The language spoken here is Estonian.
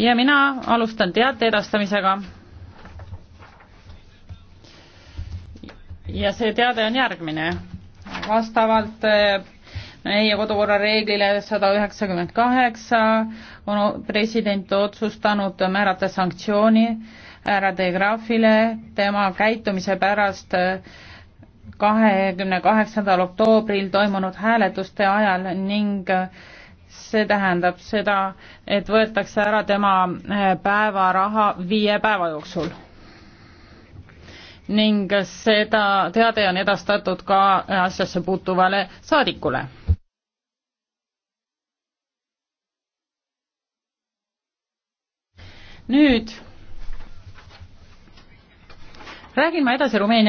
ja mina alustan teate edastamisega. ja see teade on järgmine. vastavalt eh, meie kodukorra reeglile sada üheksakümmend kaheksa on president otsustanud määrata sanktsiooni härra De Graafile tema käitumise pärast eh, kahekümne kaheksandal oktoobril toimunud hääletuste ajal ning eh, see tähendab seda, et võetakse ära tema eh, päevaraha viie päeva jooksul. ning seda teade on edastatud ka eh, asjasse puutuvale saadikule. nüüd räägin ma edasi Rumeenia